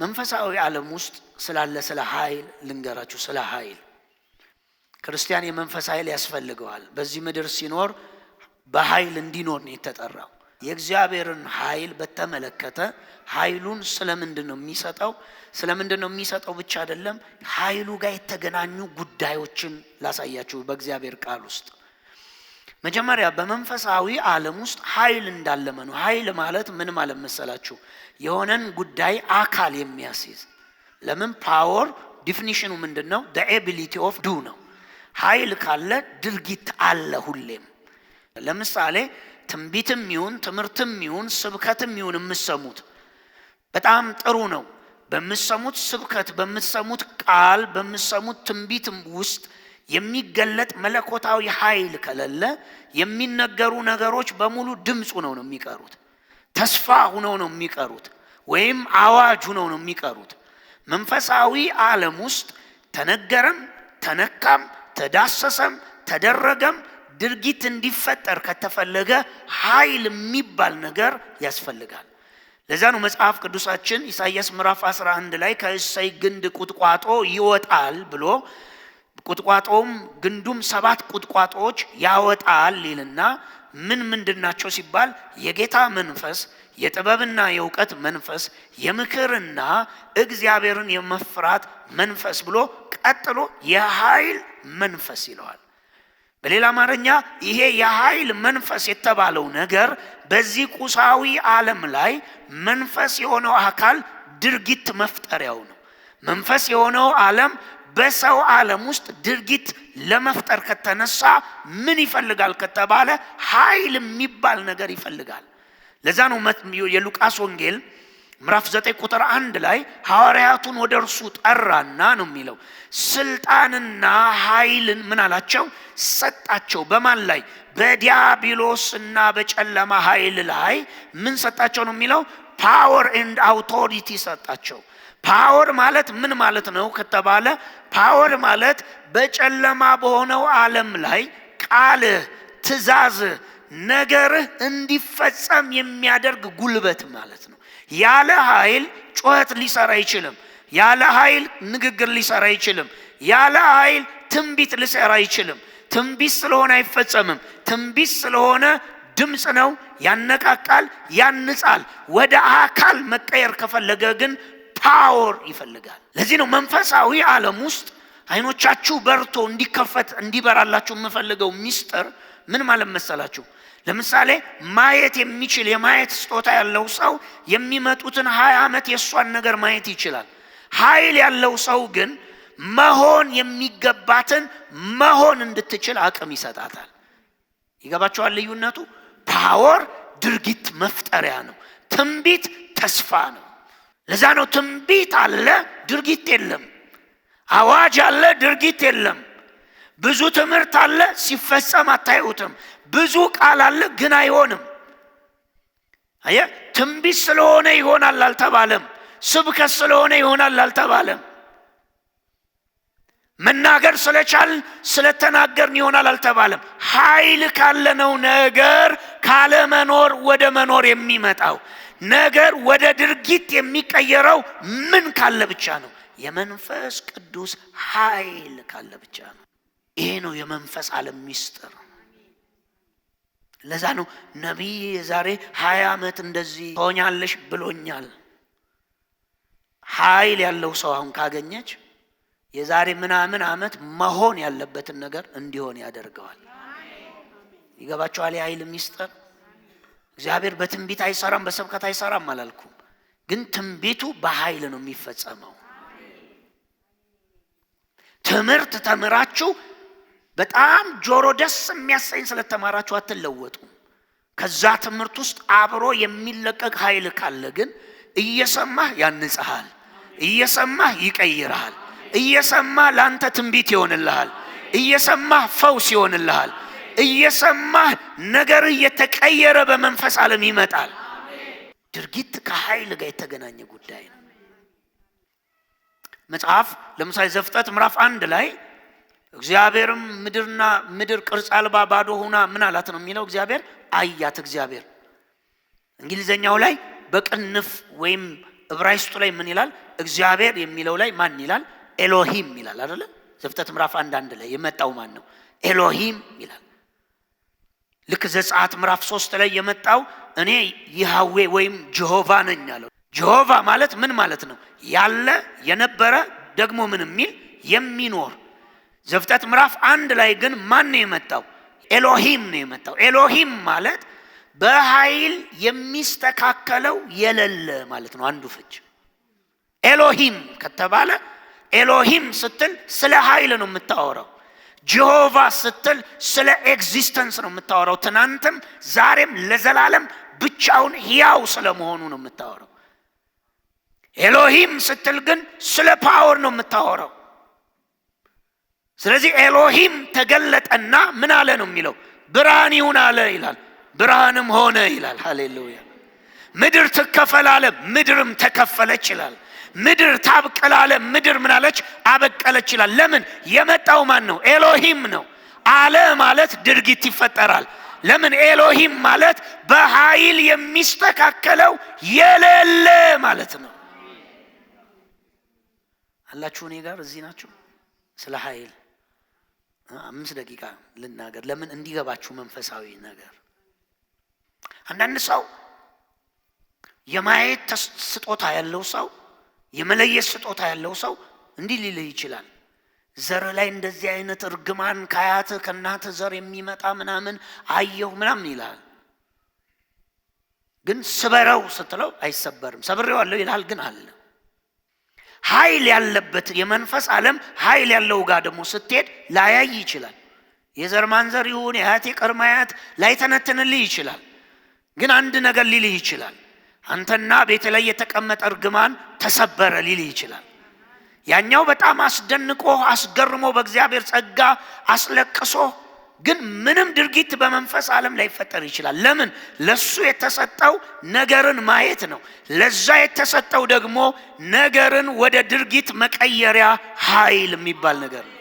መንፈሳዊ ዓለም ውስጥ ስላለ ስለ ኃይል ልንገራችሁ። ስለ ኃይል ክርስቲያን የመንፈስ ኃይል ያስፈልገዋል። በዚህ ምድር ሲኖር በኃይል እንዲኖር ነው የተጠራው። የእግዚአብሔርን ኃይል በተመለከተ ኃይሉን ስለምንድን ነው የሚሰጠው? ስለምንድን ነው የሚሰጠው ብቻ አይደለም፣ ኃይሉ ጋር የተገናኙ ጉዳዮችን ላሳያችሁ። በእግዚአብሔር ቃል ውስጥ መጀመሪያ በመንፈሳዊ ዓለም ውስጥ ኃይል እንዳለመ ነው። ኃይል ማለት ምን ማለት መሰላችሁ? የሆነን ጉዳይ አካል የሚያስይዝ ለምን ፓወር ዲፊኒሽኑ ምንድን ነው? ኤቢሊቲ ኦፍ ዱ ነው። ኃይል ካለ ድርጊት አለ ሁሌም። ለምሳሌ ትንቢትም ይሁን ትምህርትም ይሁን ስብከትም ይሁን የምሰሙት በጣም ጥሩ ነው። በምሰሙት ስብከት፣ በምሰሙት ቃል፣ በምሰሙት ትንቢትም ውስጥ የሚገለጥ መለኮታዊ ኃይል ከለለ የሚነገሩ ነገሮች በሙሉ ድምፅ ሆነው ነው የሚቀሩት። ተስፋ ሆነው ነው የሚቀሩት፣ ወይም አዋጅ ሆነው ነው የሚቀሩት። መንፈሳዊ ዓለም ውስጥ ተነገረም፣ ተነካም፣ ተዳሰሰም፣ ተደረገም ድርጊት እንዲፈጠር ከተፈለገ ኃይል የሚባል ነገር ያስፈልጋል። ለዛ ነው መጽሐፍ ቅዱሳችን ኢሳይያስ ምዕራፍ 11 ላይ ከእሰይ ግንድ ቁጥቋጦ ይወጣል ብሎ ቁጥቋጦውም ግንዱም ሰባት ቁጥቋጦዎች ያወጣል ይልና ምን ምንድናቸው ሲባል የጌታ መንፈስ የጥበብና የእውቀት መንፈስ የምክርና እግዚአብሔርን የመፍራት መንፈስ ብሎ ቀጥሎ የኃይል መንፈስ ይለዋል። በሌላ አማርኛ ይሄ የኃይል መንፈስ የተባለው ነገር በዚህ ቁሳዊ ዓለም ላይ መንፈስ የሆነው አካል ድርጊት መፍጠሪያው ነው። መንፈስ የሆነው ዓለም በሰው ዓለም ውስጥ ድርጊት ለመፍጠር ከተነሳ ምን ይፈልጋል ከተባለ ኃይል የሚባል ነገር ይፈልጋል። ለዛ ነው የሉቃስ ወንጌል ምዕራፍ ዘጠኝ ቁጥር አንድ ላይ ሐዋርያቱን ወደ እርሱ ጠራና ነው የሚለው። ስልጣንና ኃይልን ምን አላቸው? ሰጣቸው። በማን ላይ? በዲያብሎስና በጨለማ ኃይል ላይ ምን ሰጣቸው ነው የሚለው? ፓወር ኤንድ አውቶሪቲ ሰጣቸው። ፓወር ማለት ምን ማለት ነው ከተባለ፣ ፓወር ማለት በጨለማ በሆነው ዓለም ላይ ቃልህ፣ ትእዛዝህ፣ ነገርህ እንዲፈጸም የሚያደርግ ጉልበት ማለት ነው። ያለ ኃይል ጩኸት ሊሰራ አይችልም። ያለ ኃይል ንግግር ሊሰራ አይችልም። ያለ ኃይል ትንቢት ሊሰራ አይችልም። ትንቢት ስለሆነ አይፈጸምም። ትንቢት ስለሆነ ድምፅ ነው፣ ያነቃቃል፣ ያንጻል። ወደ አካል መቀየር ከፈለገ ግን ፓወር ይፈልጋል። ለዚህ ነው መንፈሳዊ ዓለም ውስጥ አይኖቻችሁ በርቶ እንዲከፈት እንዲበራላችሁ የምፈልገው ሚስጥር ምን ማለት መሰላችሁ? ለምሳሌ ማየት የሚችል የማየት ስጦታ ያለው ሰው የሚመጡትን ሀያ ዓመት የእሷን ነገር ማየት ይችላል። ኃይል ያለው ሰው ግን መሆን የሚገባትን መሆን እንድትችል አቅም ይሰጣታል። ይገባቸዋል? ልዩነቱ ፓወር ድርጊት መፍጠሪያ ነው። ትንቢት ተስፋ ነው። ለዛ ነው ትንቢት አለ፣ ድርጊት የለም። አዋጅ አለ፣ ድርጊት የለም። ብዙ ትምህርት አለ፣ ሲፈጸም አታዩትም። ብዙ ቃል አለ፣ ግን አይሆንም። አየ ትንቢት ስለሆነ ይሆናል አልተባለም። ስብከት ስለሆነ ይሆናል አልተባለም። መናገር ስለቻል ስለተናገርን ይሆናል አልተባለም። ኃይል ካለነው ነገር ካለ መኖር ወደ መኖር የሚመጣው ነገር ወደ ድርጊት የሚቀየረው ምን ካለ ብቻ ነው? የመንፈስ ቅዱስ ኃይል ካለ ብቻ ነው። ይሄ ነው የመንፈስ አለም ሚስጥር። ለዛ ነው ነቢይ የዛሬ ሀያ ዓመት እንደዚህ ትሆኛለሽ ብሎኛል። ኃይል ያለው ሰው አሁን ካገኘች የዛሬ ምናምን ዓመት መሆን ያለበትን ነገር እንዲሆን ያደርገዋል። ይገባቸዋል። የኃይል ሚስጥር እግዚአብሔር በትንቢት አይሰራም፣ በስብከት አይሰራም አላልኩም፣ ግን ትንቢቱ በኃይል ነው የሚፈጸመው። ትምህርት ተምራችሁ በጣም ጆሮ ደስ የሚያሰኝ ስለተማራችሁ አትለወጡም። ከዛ ትምህርት ውስጥ አብሮ የሚለቀቅ ኃይል ካለ ግን እየሰማህ ያንጽሃል፣ እየሰማህ ይቀይርሃል፣ እየሰማህ ለአንተ ትንቢት ይሆንልሃል፣ እየሰማህ ፈውስ ይሆንልሃል፣ እየሰማህ ነገር እየተቀየረ በመንፈስ ዓለም ይመጣል። ድርጊት ከኃይል ጋር የተገናኘ ጉዳይ ነው። መጽሐፍ ለምሳሌ ዘፍጥረት ምዕራፍ አንድ ላይ እግዚአብሔርም ምድርና ምድር ቅርጽ አልባ ባዶ ሆና ምን አላት ነው የሚለው። እግዚአብሔር አያት። እግዚአብሔር እንግሊዘኛው ላይ በቅንፍ ወይም እብራይስጡ ላይ ምን ይላል? እግዚአብሔር የሚለው ላይ ማን ይላል? ኤሎሂም ይላል አደለ ዘፍጠት ምራፍ አንድ አንድ ላይ የመጣው ማን ነው? ኤሎሂም ይላል። ልክ ዘጻት ምራፍ ሶስት ላይ የመጣው እኔ ይሃዌ ወይም ጀሆቫ ነኝ አለው። ጀሆቫ ማለት ምን ማለት ነው? ያለ የነበረ ደግሞ ምን የሚል የሚኖር ዘፍጥረት ምዕራፍ አንድ ላይ ግን ማን ነው የመጣው? ኤሎሂም ነው የመጣው። ኤሎሂም ማለት በኃይል የሚስተካከለው የለለ ማለት ነው። አንዱ ፍች ኤሎሂም ከተባለ ኤሎሂም ስትል ስለ ኃይል ነው የምታወራው። ጀሆቫ ስትል ስለ ኤግዚስተንስ ነው የምታወራው። ትናንትም ዛሬም ለዘላለም ብቻውን ሕያው ስለመሆኑ ነው የምታወራው። ኤሎሂም ስትል ግን ስለ ፓወር ነው የምታወራው። ስለዚህ ኤሎሂም ተገለጠና ምን አለ ነው የሚለው? ብርሃን ይሁን አለ ይላል። ብርሃንም ሆነ ይላል። ሃሌሉያ። ምድር ትከፈል አለ፣ ምድርም ተከፈለች ይላል። ምድር ታብቀል አለ፣ ምድር ምናለች አበቀለች ይላል። ለምን የመጣው ማን ነው? ኤሎሂም ነው። አለ ማለት ድርጊት ይፈጠራል። ለምን ኤሎሂም ማለት በኃይል የሚስተካከለው የሌለ ማለት ነው። አላችሁ እኔ ጋር እዚህ ናቸው ስለ ኃይል አምስት ደቂቃ ልናገር፣ ለምን እንዲገባችሁ መንፈሳዊ ነገር። አንዳንድ ሰው የማየት ስጦታ ያለው ሰው፣ የመለየት ስጦታ ያለው ሰው እንዲህ ሊል ይችላል። ዘር ላይ እንደዚህ አይነት እርግማን ከአያትህ ከናተ ዘር የሚመጣ ምናምን አየሁ ምናምን ይላል ግን ስበረው ስትለው አይሰበርም። ሰብሬዋለሁ ይላል ግን አለ ኃይል ያለበት የመንፈስ ዓለም ኃይል ያለው ጋር ደግሞ ስትሄድ ላያይ ይችላል። የዘር ማንዘር ይሁን የአያቴ ቅድመ አያት ላይተነትንልህ ይችላል። ግን አንድ ነገር ሊልህ ይችላል። አንተና ቤት ላይ የተቀመጠ እርግማን ተሰበረ ሊልህ ይችላል። ያኛው በጣም አስደንቆ አስገርሞ በእግዚአብሔር ጸጋ አስለቅሶ ግን ምንም ድርጊት በመንፈስ ዓለም ላይፈጠር ይችላል። ለምን? ለሱ የተሰጠው ነገርን ማየት ነው። ለዛ የተሰጠው ደግሞ ነገርን ወደ ድርጊት መቀየሪያ ኃይል የሚባል ነገር ነው።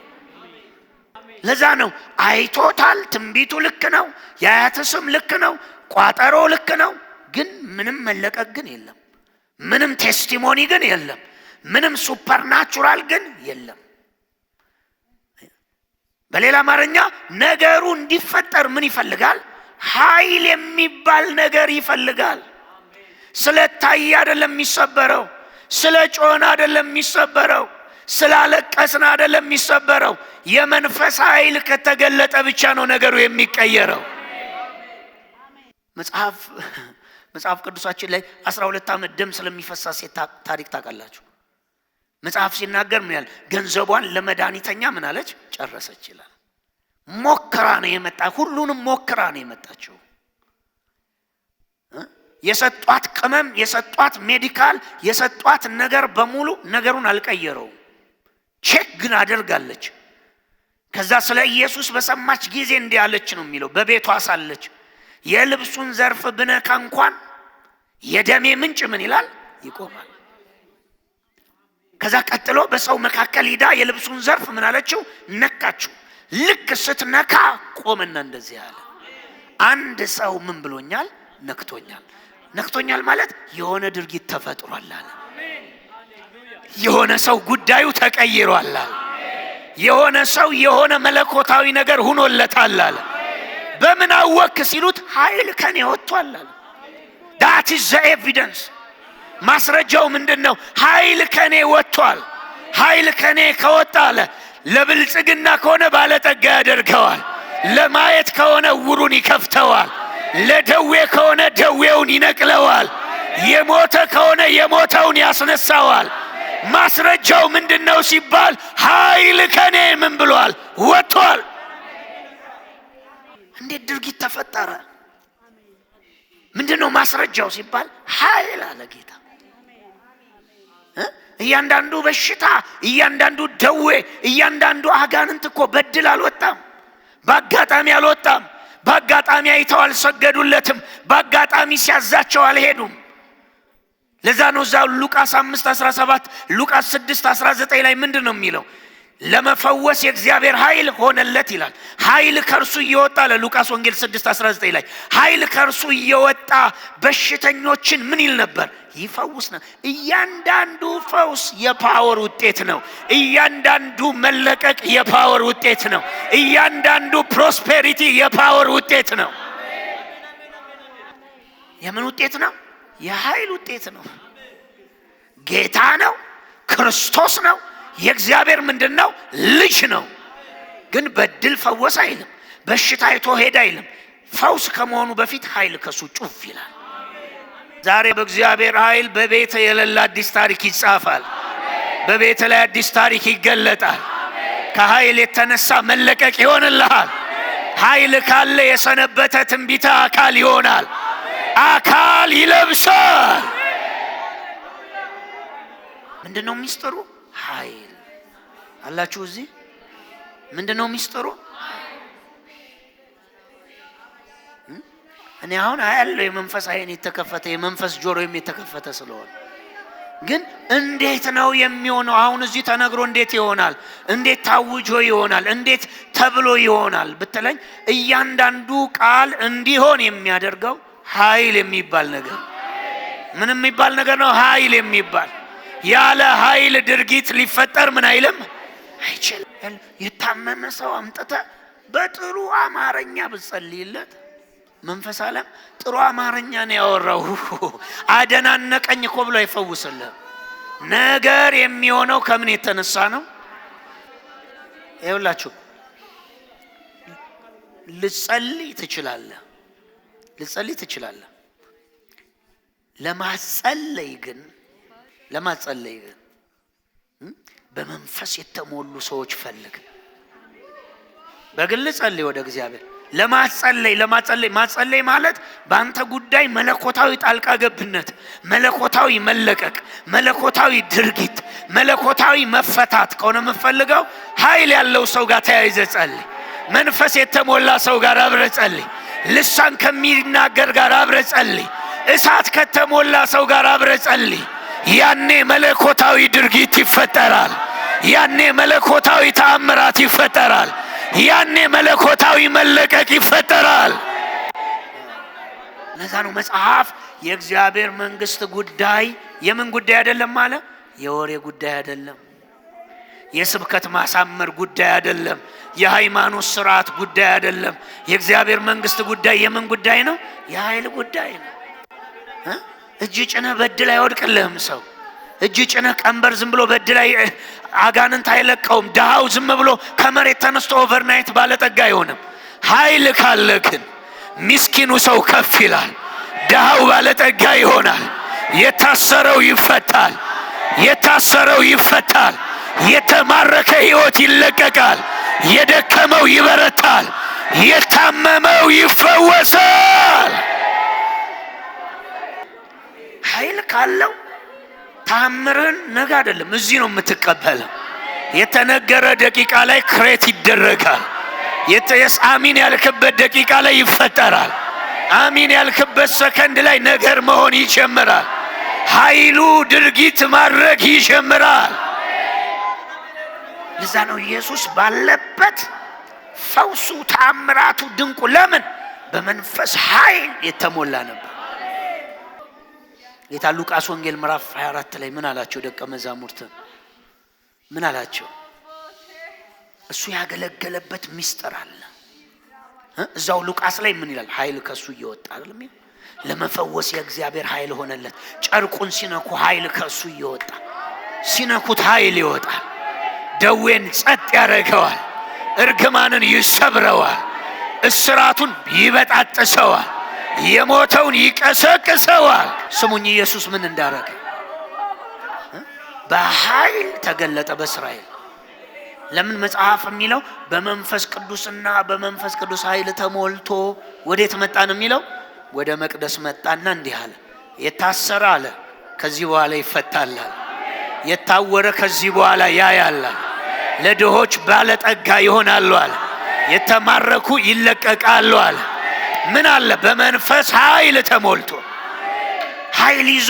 ለዛ ነው አይቶታል። ትንቢቱ ልክ ነው። የአያት ስም ልክ ነው። ቋጠሮ ልክ ነው። ግን ምንም መለቀቅ ግን የለም። ምንም ቴስቲሞኒ ግን የለም። ምንም ሱፐርናቹራል ግን የለም። በሌላ አማርኛ ነገሩ እንዲፈጠር ምን ይፈልጋል? ኃይል የሚባል ነገር ይፈልጋል። ስለ ታየ አይደለም የሚሰበረው፣ ስለ ጮን አይደለም የሚሰበረው፣ ስላለቀስን አይደለም የሚሰበረው። የመንፈስ ኃይል ከተገለጠ ብቻ ነው ነገሩ የሚቀየረው። መጽሐፍ መጽሐፍ ቅዱሳችን ላይ አስራ ሁለት ዓመት ደም ስለሚፈሳ ሴት ታሪክ ታውቃላችሁ? መጽሐፍ ሲናገር ምን ያል ገንዘቧን ለመድኃኒተኛ ምን አለች ጨረሰች ይላል። ሞክራ ነው የመጣ ሁሉንም ሞክራ ነው የመጣችው። የሰጧት ቅመም፣ የሰጧት ሜዲካል፣ የሰጧት ነገር በሙሉ ነገሩን አልቀየረውም። ቼክ ግን አደርጋለች። ከዛ ስለ ኢየሱስ በሰማች ጊዜ እንዲህ ነው የሚለው በቤቷ ሳለች የልብሱን ዘርፍ ብነካ እንኳን የደሜ ምንጭ ምን ይላል ይቆማል። ከዛ ቀጥሎ በሰው መካከል ሂዳ የልብሱን ዘርፍ ምን አለችው? ነካችው። ልክ ስትነካ ቆመና እንደዚህ አለ፣ አንድ ሰው ምን ብሎኛል? ነክቶኛል። ነክቶኛል ማለት የሆነ ድርጊት ተፈጥሯል አለ። የሆነ ሰው ጉዳዩ ተቀይሯል አለ። የሆነ ሰው የሆነ መለኮታዊ ነገር ሁኖለታል አለ። በምን አወክ ሲሉት ኃይል ከኔ ወጥቷል አለ። ዳት ኢዝ ዘ ኤቪደንስ ማስረጃው ምንድን ነው? ኃይል ከኔ ወጥቷል። ኃይል ከኔ ከወጣ አለ ለብልጽግና ከሆነ ባለጠጋ ያደርገዋል። ለማየት ከሆነ ውሩን ይከፍተዋል። ለደዌ ከሆነ ደዌውን ይነቅለዋል። የሞተ ከሆነ የሞተውን ያስነሳዋል። ማስረጃው ምንድን ነው ሲባል ኃይል ከኔ ምን ብሏል? ወጥቷል። እንዴት ድርጊት ተፈጠረ? ምንድን ነው ማስረጃው ሲባል ኃይል አለ ጌታ እያንዳንዱ በሽታ፣ እያንዳንዱ ደዌ፣ እያንዳንዱ አጋንንት እኮ በድል አልወጣም፣ በአጋጣሚ አልወጣም። በአጋጣሚ አይተው አልሰገዱለትም። በአጋጣሚ ሲያዛቸው አልሄዱም። ለዛ ነው እዛ ሉቃስ 5 17 ሉቃስ 6 19 ላይ ምንድን ነው የሚለው? ለመፈወስ የእግዚአብሔር ኃይል ሆነለት ይላል። ኃይል ከእርሱ እየወጣ ለሉቃስ ወንጌል 6:19 ላይ ኃይል ከእርሱ እየወጣ በሽተኞችን ምን ይል ነበር? ይፈውስ ነው። እያንዳንዱ ፈውስ የፓወር ውጤት ነው። እያንዳንዱ መለቀቅ የፓወር ውጤት ነው። እያንዳንዱ ፕሮስፔሪቲ የፓወር ውጤት ነው። የምን ውጤት ነው? የኃይል ውጤት ነው። ጌታ ነው። ክርስቶስ ነው። የእግዚአብሔር ምንድን ነው? ልጅ ነው። ግን በድል ፈወስ አይልም፣ በሽታ አይቶ ሄድ አይልም። ፈውስ ከመሆኑ በፊት ኃይል ከሱ ጩፍ ይላል። ዛሬ በእግዚአብሔር ኃይል በቤተ የሌለ አዲስ ታሪክ ይጻፋል። በቤተ ላይ አዲስ ታሪክ ይገለጣል። ከኃይል የተነሳ መለቀቅ ይሆንልሃል። ኃይል ካለ የሰነበተ ትንቢተ አካል ይሆናል። አካል ይለብሳል። ምንድን ነው ሚስጥሩ? ኃይል አላችሁ። እዚህ ምንድን ነው ሚስጥሩ? እኔ አሁን አያለው የመንፈስ አይን የተከፈተ የመንፈስ ጆሮም የተከፈተ ስለሆነ ግን እንዴት ነው የሚሆነው? አሁን እዚህ ተነግሮ እንዴት ይሆናል? እንዴት ታውጆ ይሆናል? እንዴት ተብሎ ይሆናል ብትለኝ፣ እያንዳንዱ ቃል እንዲሆን የሚያደርገው ኃይል የሚባል ነገር ምን የሚባል ነገር ነው? ኃይል የሚባል ያለ ኃይል ድርጊት ሊፈጠር ምን አይልም አይችልም። የታመመ ሰው አምጥተ በጥሩ አማርኛ ብጸልይለት መንፈስ ዓለም ጥሩ አማርኛ ነው ያወራው አደናነቀኝ እኮ ብሎ አይፈውስልህ። ነገር የሚሆነው ከምን የተነሳ ነው? ይኸውላችሁ ልጸልይ ትችላለህ፣ ልጸልይ ትችላለህ። ለማጸለይ ግን ለማጸለይ በመንፈስ የተሞሉ ሰዎች ፈልግ። በግል ጸልይ ወደ እግዚአብሔር ለማጸለይ ለማጸለይ ማጸለይ ማለት በአንተ ጉዳይ መለኮታዊ ጣልቃ ገብነት፣ መለኮታዊ መለቀቅ፣ መለኮታዊ ድርጊት፣ መለኮታዊ መፈታት ከሆነ የምፈልገው ኃይል ያለው ሰው ጋር ተያይዘ ጸልይ። መንፈስ የተሞላ ሰው ጋር አብረ ጸልይ። ልሳን ከሚናገር ጋር አብረ ጸልይ። እሳት ከተሞላ ሰው ጋር አብረ ጸልይ። ያኔ መለኮታዊ ድርጊት ይፈጠራል። ያኔ መለኮታዊ ተአምራት ይፈጠራል። ያኔ መለኮታዊ መለቀቅ ይፈጠራል። ለዛ ነው መጽሐፍ የእግዚአብሔር መንግስት ጉዳይ የምን ጉዳይ አይደለም አለ። የወሬ ጉዳይ አይደለም። የስብከት ማሳመር ጉዳይ አይደለም። የሃይማኖት ስርዓት ጉዳይ አይደለም። የእግዚአብሔር መንግስት ጉዳይ የምን ጉዳይ ነው? የኃይል ጉዳይ ነው። እጅ ጭነ በድል አይወድቅልህም ሰው። እጅ ጭነ ቀንበር ዝም ብሎ በድል አጋንንት አይለቀውም። ድሃው ዝም ብሎ ከመሬት ተነስቶ ኦቨርናይት ባለጠጋ አይሆንም። ኃይል ካለ ግን ሚስኪኑ ሰው ከፍ ይላል። ድሃው ባለጠጋ ይሆናል። የታሰረው ይፈታል። የታሰረው ይፈታል። የተማረከ ሕይወት ይለቀቃል። የደከመው ይበረታል። የታመመው ይፈወሳል። ኃይል ካለው ታምርህን ነገ አይደለም እዚህ ነው የምትቀበለው። የተነገረ ደቂቃ ላይ ክሬት ይደረጋል። አሚን ያልክበት ደቂቃ ላይ ይፈጠራል። አሚን ያልክበት ሰከንድ ላይ ነገር መሆን ይጀምራል። ኃይሉ ድርጊት ማድረግ ይጀምራል። ለዛ ነው ኢየሱስ ባለበት ፈውሱ፣ ተአምራቱ፣ ድንቁ ለምን በመንፈስ ኃይል የተሞላ ነበር። ጌታ ሉቃስ ወንጌል ምዕራፍ 24 ላይ ምን አላቸው? ደቀ መዛሙርት ምን አላቸው? እሱ ያገለገለበት ሚስጥር አለ። እዛው ሉቃስ ላይ ምን ይላል? ኃይል ከሱ እየወጣ አይደለም ለመፈወስ የእግዚአብሔር ኃይል ሆነለት። ጨርቁን ሲነኩ ኃይል ከሱ እየወጣ ሲነኩት ኃይል ይወጣል። ደዌን ጸጥ ያደርገዋል። እርግማንን ይሰብረዋል። እስራቱን ይበጣጥሰዋል። የሞተውን ይቀሰቅሰዋል። ስሙኝ ኢየሱስ ምን እንዳረገ በኃይል ተገለጠ በእስራኤል ለምን መጽሐፍ የሚለው በመንፈስ ቅዱስና በመንፈስ ቅዱስ ኃይል ተሞልቶ ወዴት ነው የሚለው ወደ መቅደስ መጣና እንዲህ አለ፣ የታሰረ አለ ከዚህ በኋላ ይፈታላል፣ የታወረ ከዚህ በኋላ ያያላል፣ ለድሆች ባለጠጋ ይሆናሉ አለ፣ የተማረኩ ይለቀቃሉ አለ። ምን አለ? በመንፈስ ኃይል ተሞልቶ ኃይል ይዞ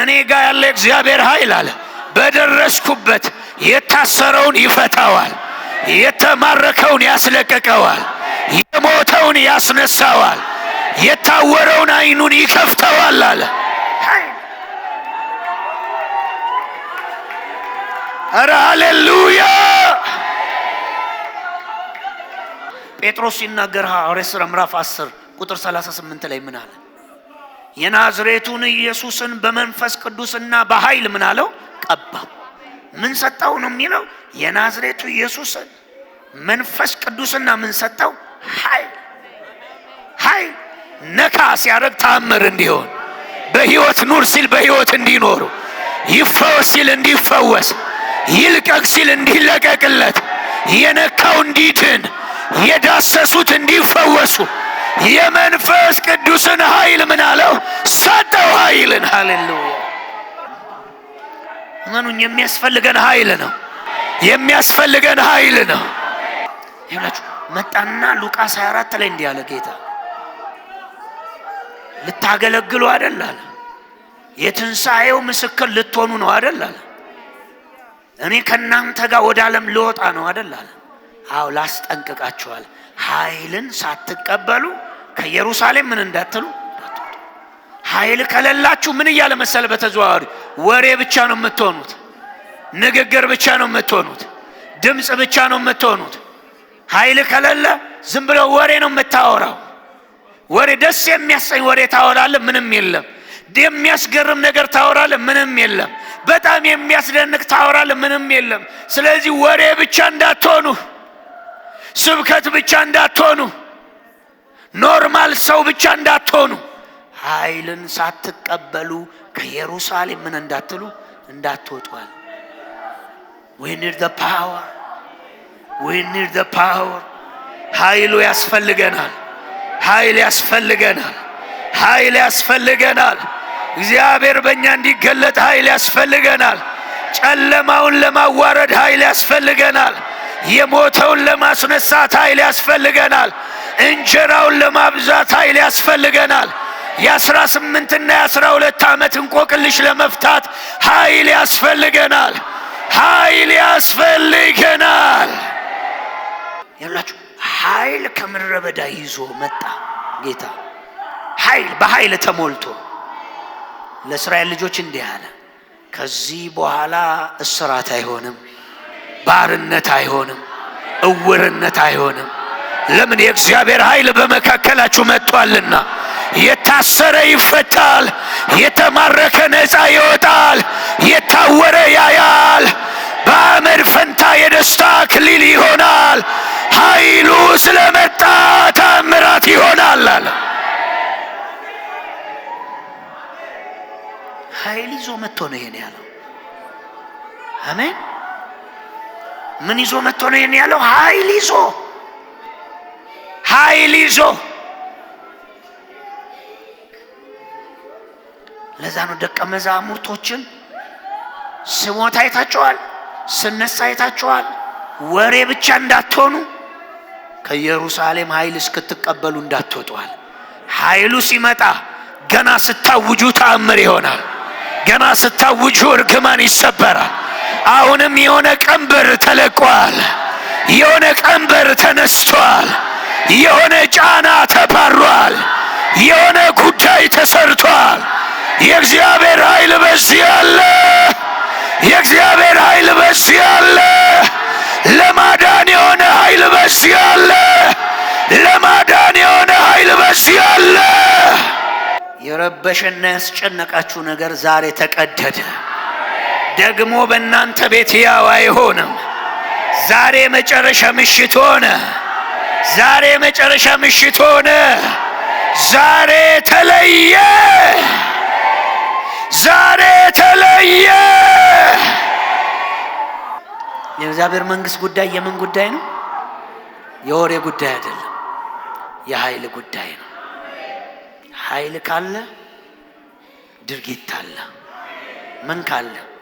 እኔ ጋር ያለ እግዚአብሔር ኃይል አለ በደረስኩበት የታሰረውን ይፈታዋል፣ የተማረከውን ያስለቀቀዋል፣ የሞተውን ያስነሳዋል፣ የታወረውን ዓይኑን ይከፍተዋል አለ። ኧረ ሃሌሉያ! ጴጥሮስ ሲናገር ሐዋርያት ሥራ ምዕራፍ 10 ቁጥር 38 ላይ ምን አለ? የናዝሬቱን ኢየሱስን በመንፈስ ቅዱስና በኃይል ምን አለው? ቀባው። ምን ሰጠው ነው የሚለው? የናዝሬቱ ኢየሱስን መንፈስ ቅዱስና ምን ሰጠው? ኃይል። ኃይል ነካ ሲያደርግ ተአምር እንዲሆን፣ በህይወት ኑር ሲል በህይወት እንዲኖሩ፣ ይፈወስ ሲል እንዲፈወስ፣ ይልቀቅ ሲል እንዲለቀቅለት፣ የነካው እንዲድን፣ የዳሰሱት እንዲፈወሱ የመንፈስ ቅዱስን ኃይል ምን አለው ሰጠው ኃይልን። ሃሌሉያ እመኑኝ፣ የሚያስፈልገን ኃይል ነው። የሚያስፈልገን ኃይል ነው። ይላችሁ መጣና ሉቃስ 24 ላይ እንዲህ አለ ጌታ ልታገለግሉ አይደል አለ። የትንሣኤው ምስክር ልትሆኑ ነው አይደል አለ። እኔ ከእናንተ ጋር ወደ ዓለም ልወጣ ነው አይደል አለ። አዎ ላስጠንቅቃችኋል ኃይልን ሳትቀበሉ ከኢየሩሳሌም ምን እንዳትሉ ኃይል ከሌላችሁ ምን እያለ መሰለ በተዘዋዋሪ ወሬ ብቻ ነው የምትሆኑት፣ ንግግር ብቻ ነው የምትሆኑት፣ ድምፅ ብቻ ነው የምትሆኑት። ኃይል ከሌለ ዝም ብለው ወሬ ነው የምታወራው። ወሬ ደስ የሚያሰኝ ወሬ ታወራለ፣ ምንም የለም። የሚያስገርም ነገር ታወራለ፣ ምንም የለም። በጣም የሚያስደንቅ ታወራለ፣ ምንም የለም። ስለዚህ ወሬ ብቻ እንዳትሆኑ፣ ስብከት ብቻ እንዳትሆኑ ኖርማል ሰው ብቻ እንዳትሆኑ ኃይልን ሳትቀበሉ ከኢየሩሳሌም ምን እንዳትሉ እንዳትወጧል። ዊ ኒድ ዘ ፓወር ዊ ዘ ፓወር። ኃይሉ ያስፈልገናል። ኃይል ያስፈልገናል። ኃይል ያስፈልገናል። እግዚአብሔር በእኛ እንዲገለጥ ኃይል ያስፈልገናል። ጨለማውን ለማዋረድ ኃይል ያስፈልገናል። የሞተውን ለማስነሳት ኃይል ያስፈልገናል። እንጀራውን ለማብዛት ኃይል ያስፈልገናል። የአስራ ስምንትና የአስራ ሁለት ዓመት እንቆቅልሽ ለመፍታት ኃይል ያስፈልገናል። ኃይል ያስፈልገናል። ያላችሁ ኃይል ከምድረ በዳ ይዞ መጣ ጌታ። ኃይል በኃይል ተሞልቶ ለእስራኤል ልጆች እንዲህ አለ፣ ከዚህ በኋላ እስራት አይሆንም፣ ባርነት አይሆንም፣ እውርነት አይሆንም ለምን? የእግዚአብሔር ኃይል በመካከላችሁ መጥቷልና። የታሰረ ይፈታል፣ የተማረከ ነፃ ይወጣል፣ የታወረ ያያል። በአመድ ፈንታ የደስታ ክሊል ይሆናል። ኃይሉ ስለመጣ ታምራት ይሆናል አለ። ኃይል ይዞ መጥቶ ነው ይሄን ያለው። አሜን። ምን ይዞ መጥቶ ነው ይሄን ያለው? ኃይል ይዞ ኃይል ይዞ ለዛ ነው ደቀ መዛሙርቶችን ስሞት አይታችኋል፣ ስነሳ አይታችኋል። ወሬ ብቻ እንዳትሆኑ ከኢየሩሳሌም ኃይል እስክትቀበሉ እንዳትወጧል። ኃይሉ ሲመጣ ገና ስታውጁ ተአምር ይሆናል። ገና ስታውጁ እርግማን ይሰበራል። አሁንም የሆነ ቀንበር ተለቋል። የሆነ ቀንበር ተነስቷል። የሆነ ጫና ተባሯል። የሆነ ጉዳይ ተሰርቷል። የእግዚአብሔር ኃይል በዚህ አለ። የእግዚአብሔር ኃይል በዚህ አለ። ለማዳን የሆነ ኃይል በዚህ አለ። ለማዳን የሆነ ኃይል በዚህ አለ። የረበሸና ያስጨነቃችሁ ነገር ዛሬ ተቀደደ። ደግሞ በእናንተ ቤት ያው አይሆንም። ዛሬ መጨረሻ ምሽት ሆነ። ዛሬ የመጨረሻ ምሽት ሆነ። ዛሬ ተለየ። ዛሬ ተለየ። የእግዚአብሔር መንግስት ጉዳይ የምን ጉዳይ ነው? የወሬ ጉዳይ አይደለም። የኃይል ጉዳይ ነው። ኃይል ካለ ድርጊት አለ። ምን ካለ